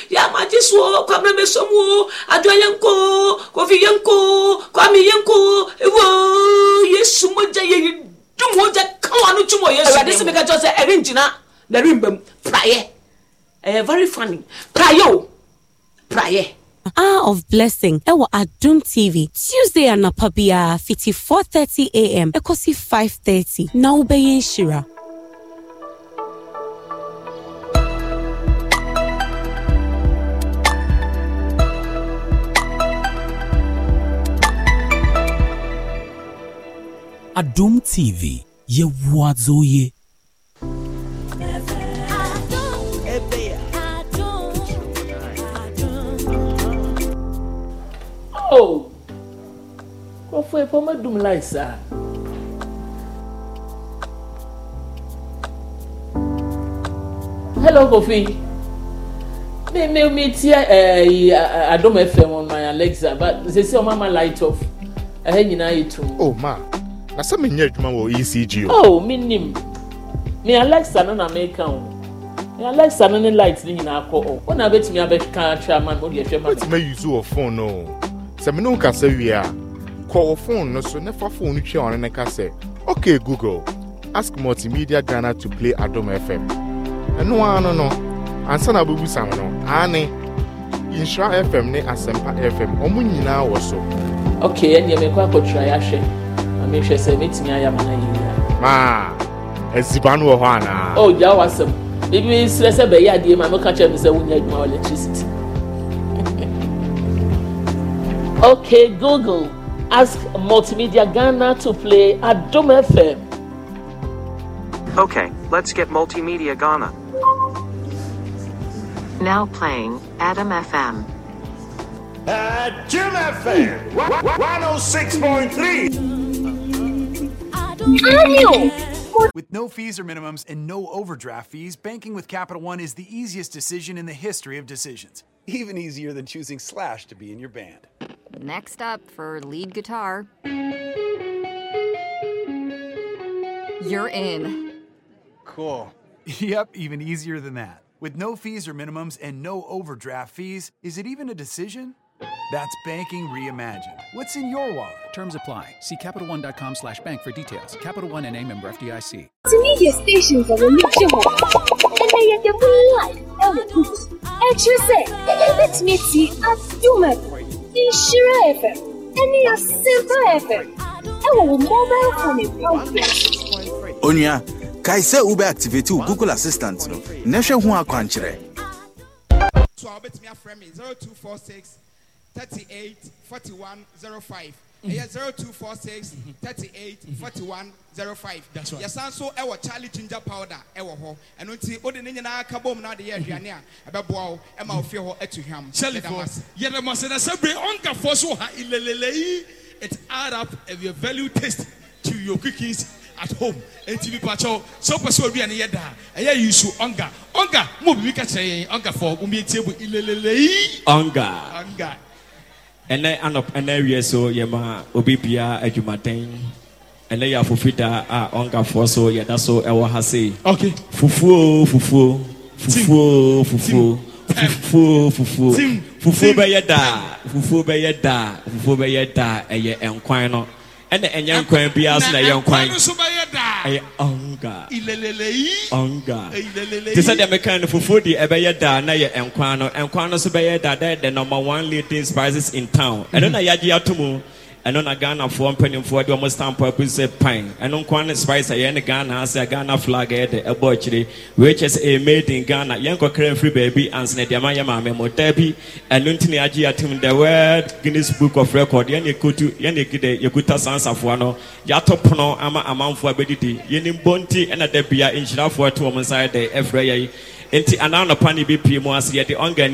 yɛ amagye so kwamina bɛ so mu o adua yɛ nko kofi yɛ nko kwami yɛ nko ewo yesu mogya yɛ yi dum mogya kawa no tum yesu ɛwɛ sɛ mi sɛ ɛri na ɛri mbɛm praeɛ ɛyɛ eh, very funny praeɛ o praeɛ hour of blessing ɛwɔ adom tv tuesday anapa biara fiti 4:30am ɛkɔsi 5:30 na wobɛyɛ nhyira adom tv yɛwoa dzoye oh nkurɔfoɔ yɛpɛ ɔmo adum lai saa. hello kofi mi mi mi ti ɛɛ eh, eh, adum fm on my alexa but sisi ɔmo ama light off ɛhɛ nyinaa yɛ tum. o ma na sɛ mi nyɛ adwuma wɔ ecg o. o mi nim mi alexa no na mi ka o alexa ní ní light ní nyinaa kọ ọ wọn náà bẹ tì mí abẹ kan atwa ama mi ó di ẹtwẹ ma mi. wọ́n ti mẹ́ yuzu wọ fóònù o sɛ mene nkasa wie a kɔ wɔ phone no so na fa phone no twia ɔne ne ka sɛ okay google ask multimedia ghana to play adom fm ɛno ara no no ansa na wobɛbusa m no aane nhyira fm ne asɛmpa fm ɔmo nyinaa wɔ so okay ɛneɛ mekɔ akɔtwira yɛahwɛ na mehwɛ sɛ mɛtumi ayɛ ama no yɛyia maa asiba no wɔ hɔ anaa o oh, gyaa w'asɛm biribi serɛ sɛ bɛyɛ adeɛ ma meka kyerɛ me sɛ wonya adwuma electricity Okay, Google, ask Multimedia Ghana to play Adam FM. Okay, let's get Multimedia Ghana. Now playing Adam FM. Adam FM 106.3. With no fees or minimums and no overdraft fees, banking with Capital One is the easiest decision in the history of decisions. Even easier than choosing Slash to be in your band. Next up for lead guitar. You're in. Cool. Yep, even easier than that. With no fees or minimums and no overdraft fees, is it even a decision? That's banking reimagined. What's in your wallet? Terms apply. See CapitalOne.com slash bank for details. Capital One and a member FDIC. Some media stations are the new and they are the real Extra say, let me see a human. ní ṣírà ẹ̀fẹ̀ ẹni àṣẹ̀bá mobile phone program. onua kae activate google assistant no na hwɛ ho akwankyerɛ so me 0246 38 41 05 Mm. Yeah, 0246 mm-hmm. mm-hmm. That's right. Yes, so our Charlie Ginger Powder, our ho, and until Odin na Kabom now the Yania, about Bow, Emma of your to him. Shelly Boss, Yelamas and a Sabre Onka Fosso, Ilele, it add up of your value taste to your cookies at home. And TV Pacho, so Paso Rian Yeda, and yeah, you should Onga, Onga, Mubika, Onga for Umi Table, Ilele, Onga, Onga. ɛnɛ anɔp ɛnɛ wiɛ so yɛma obi bia adwumaden ɛnɛ yɛ afofida a ɔnkafoɔ so yɛda so ɛwɔ ha sei okay. fufuo fufuo fufuo fufuo fufuo fufuo fufuo bɛyɛ daa fufuo bɛyɛ daa fufuo bɛyɛ daa ɛyɛ nkwan no ɛnna ɛnyɛ nkwan biara so na ɛyɛ nkwan. I ɔnga ɔnga te sɛ deɛ meka no fufuo de ɛbɛyɛ daa na yɛ nkwan no nkwan the number one leading spices in town ɛno na yɛagye ato mu ɛno na ghanafoɔ mpanimfoɔ de ɔmo stamp apu sɛ pan ɛno nko ne spice I yɛn ne ghana ase a ghana flag ɛde ɛbɔ akyire which is a made in ghana know kɔkra free baby and deɛ ma yɛ maame mo da bi ɛno nti na yɛagye yɛatim the world guinness book of record yɛn ne yɛkotu yɛn ne yɛkuta yɛkuta sansafoɔ no yɛato pono ama amanfoɔ abɛdidi yɛn ne mbɔ nti ɛna da bia nhyirafoɔ to wɔn nsa de ɛfrɛ yɛn nti ananɔpa ne bɛpie mu ase yɛde ɔnga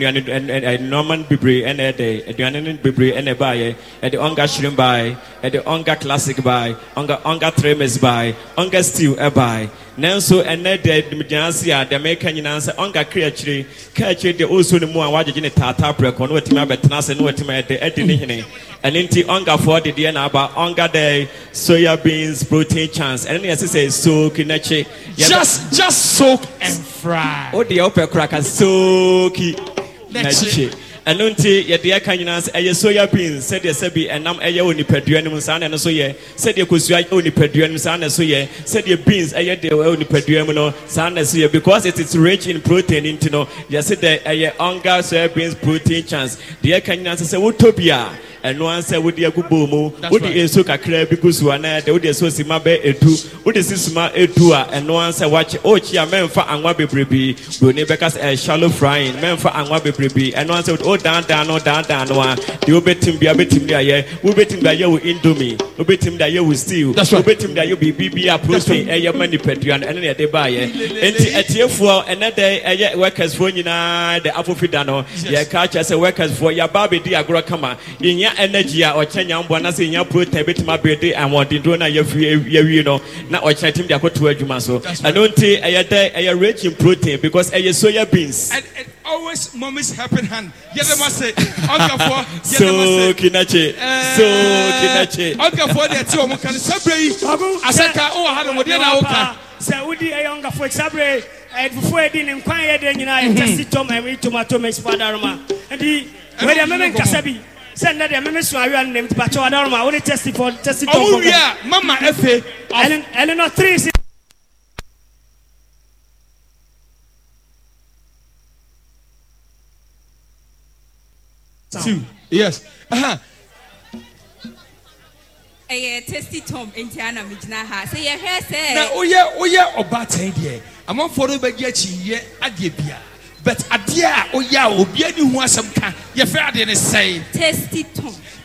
nnuane bebree ɛna ɛdɛ aduane no bebree ɛna ɛbaeɛ ɛde ɔnga shrim bae ɛde ɔnga classic bae ɔnga ɔnga tremes bae ɔnga stew ɛbae nanso ɛnɛ de gyina a deɛ mɛka nyinaa sɛ ɔnkakra akyire ka akyire deɛ ɔresuo no mu a wagyegye ne taataa prɛkɔ na watumi abɛtena ase na watumi ɛde ɛde ne hene ɛne nti ɔngafoɔ dedeɛ na aba ɔnga dɛ soya beans protein chance ɛne ne yɛse sɛ soak n'akyi just just soak and fry o deɛ wopɛ kora ka soaki n'akyi ɛno nti yɛde ayesoya nyinaa sɛ ɛyɛ soya beans sɛdeɛ sɛbi ɛnam ɛyɛ wɔ nipadua no mu saa na ɛno so yɛ sɛdeɛ kosua yɛ wɔ nipadua no mu saa na ɛso yɛ sɛdeɛ beans ɛyɛ deɛ ɛwɔ nipadua mu no saa na ɛso yɛ because it is rich in protein nti no yɛsi dɛ ɛyɛ ɔnga soya beans protein chance deɛ ɛka nyinaa sɛ sɛ wotɔ bi a ɛno ansa wode agu bowl mu wode nsuo kakra bi gu so anaa de wode nsuo sima bɛ edu wode si sima edu a ɛno ansa wakye okyi a mɛmfa anwa bebrebe broni bɛka sɛ ɛ shallow frying mɛmfa anwa bebrebe ɛno ansa wode o oh, dan dan no oh, dan dan oh, ah. no a de wobɛtim bi abɛtim de ayɛ wobɛtim de ayɛ wo indomie wobɛtim de ayɛ wo stew wobɛtim de ayɛ biribi bi a protein ɛyɛ ma nipadua no ɛno na yɛde baayɛ nti atiefoɔ ɛnɛ dɛ ɛyɛ workers foɔ nyinaa de afofida no yɛka kyerɛ sɛ workers foɔ yɛaba abɛdi agorɔ kama yɛnya nya energy a ɔkyerɛ nya mbɔ na sɛ nya protein bɛtumi abɛde ahoɔdenduro no a yɛfiri yɛwie no na ɔkyerɛ timi de akɔto adwuma so ɛno nti ɛyɛ dɛ ɛyɛ rich in protein because ɛyɛ soya beans and, and always mommy's helping hand yɛdɛma sɛ ɔnkafoɔ so kinache so kinache ɔnkafoɔ deɛ ɛte ɔmo ka no sɛ berɛ yi asɛka wowɔ ha no wodeɛ na woka sɛ wodi ɛyɛ ɔnkafoɔ kyerɛ berɛ fufuo ɛdi ne nkwan yɛdeɛ nyinaa yɛtɛsi tɔm ɛwi tomato mɛsipa daroma nti wɛdeɛ mɛmɛ nkasa bi sɛ nnɛ deɛ meme so aweɛ no nam nti bakyɛ wada noma wode testi fɔ testi tɔmo wie a oh, mama ɛfe ɛne no three two, yes huh? ɛyɛ testi tom nti ana megyina ha sɛ yɛhwɛ sɛ na woyɛ woyɛ ɔbaatan deɛ amanfoɔ no bɛgye akyi yɛ adeɛ biara but adeɛ a woyɛ a obiani ho asɛm ka yɛfrɛ adeɛ ne sɛe testi tongue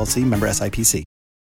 LLC, member SIPC.